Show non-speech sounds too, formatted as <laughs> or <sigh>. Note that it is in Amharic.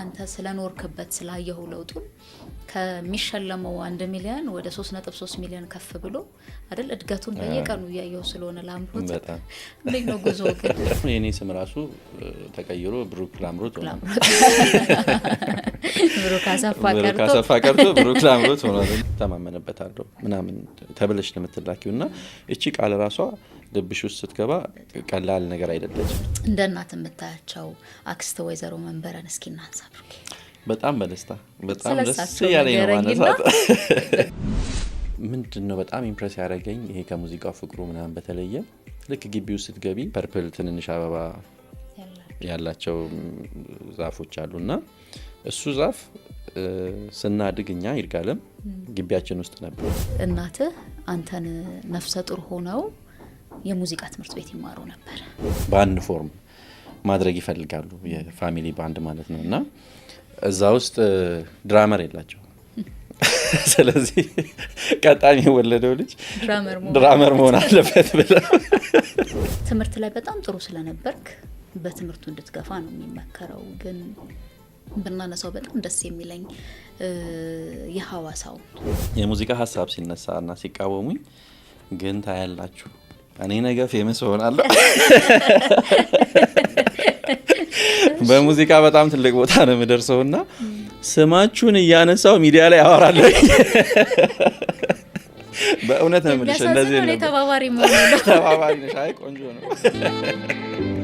አንተ ስለኖርክበት ስላየሁ ለውጡን ከሚሸለመው አንድ ሚሊዮን ወደ 3.3 ሚሊዮን ከፍ ብሎ አይደል እድገቱን በየቀኑ እያየው ስለሆነ ላምሮት እንዴት ነው ጉዞ ግን የኔ ስም ራሱ ተቀይሮ ብሩክ ላምሮት ሆነ ብሩክ አሰፋ ቀርቶ ብሩክ ላምሮት ሆኗል። አለው ምናምን ተብለሽ ነው የምትላኪው እና እቺ ቃል ራሷ ልብሽ ውስጥ ስትገባ ቀላል ነገር አይደለችም። እንደ እናት የምታያቸው አክስት ወይዘሮ መንበረን እስኪ እናንሳ። ብሩክ በጣም በደስታ በጣም ደስ ያለኝ ነው ማነሳት <laughs> ምንድን ነው በጣም ኢምፕሬስ ያደረገኝ ይሄ ከሙዚቃው ፍቅሩ ምናምን በተለየ ልክ ግቢ ውስጥ ስትገቢ ፐርፕል ትንንሽ አበባ ያላቸው ዛፎች አሉ እና እሱ ዛፍ ስናድግ እኛ ይርጋለም ግቢያችን ውስጥ ነበር። እናትህ አንተን ነፍሰ ጡር ሆነው የሙዚቃ ትምህርት ቤት ይማሩ ነበር። በአንድ ፎርም ማድረግ ይፈልጋሉ የፋሚሊ ባንድ ማለት ነው እና እዛ ውስጥ ድራመር የላቸው። <laughs> ስለዚህ ቀጣሚ የወለደው ልጅ ድራመር መሆን አለበት ብለው ትምህርት ላይ በጣም ጥሩ ስለነበርክ በትምህርቱ እንድትገፋ ነው የሚመከረው ግን ብናነሳው በጣም ደስ የሚለኝ የሀዋሳው የሙዚቃ ሀሳብ ሲነሳ እና ሲቃወሙኝ ግን ታያላችሁ እኔ ነገ ፌመስ እሆናለሁ። <laughs> በሙዚቃ በጣም ትልቅ ቦታ ነው የምደርሰው እና ስማችሁን እያነሳው ሚዲያ ላይ አወራለሁ። <laughs> በእውነት ነው የምልሽ። እንደዚህ ተባባሪ ነሽ። አይ ቆንጆ ነው። <laughs>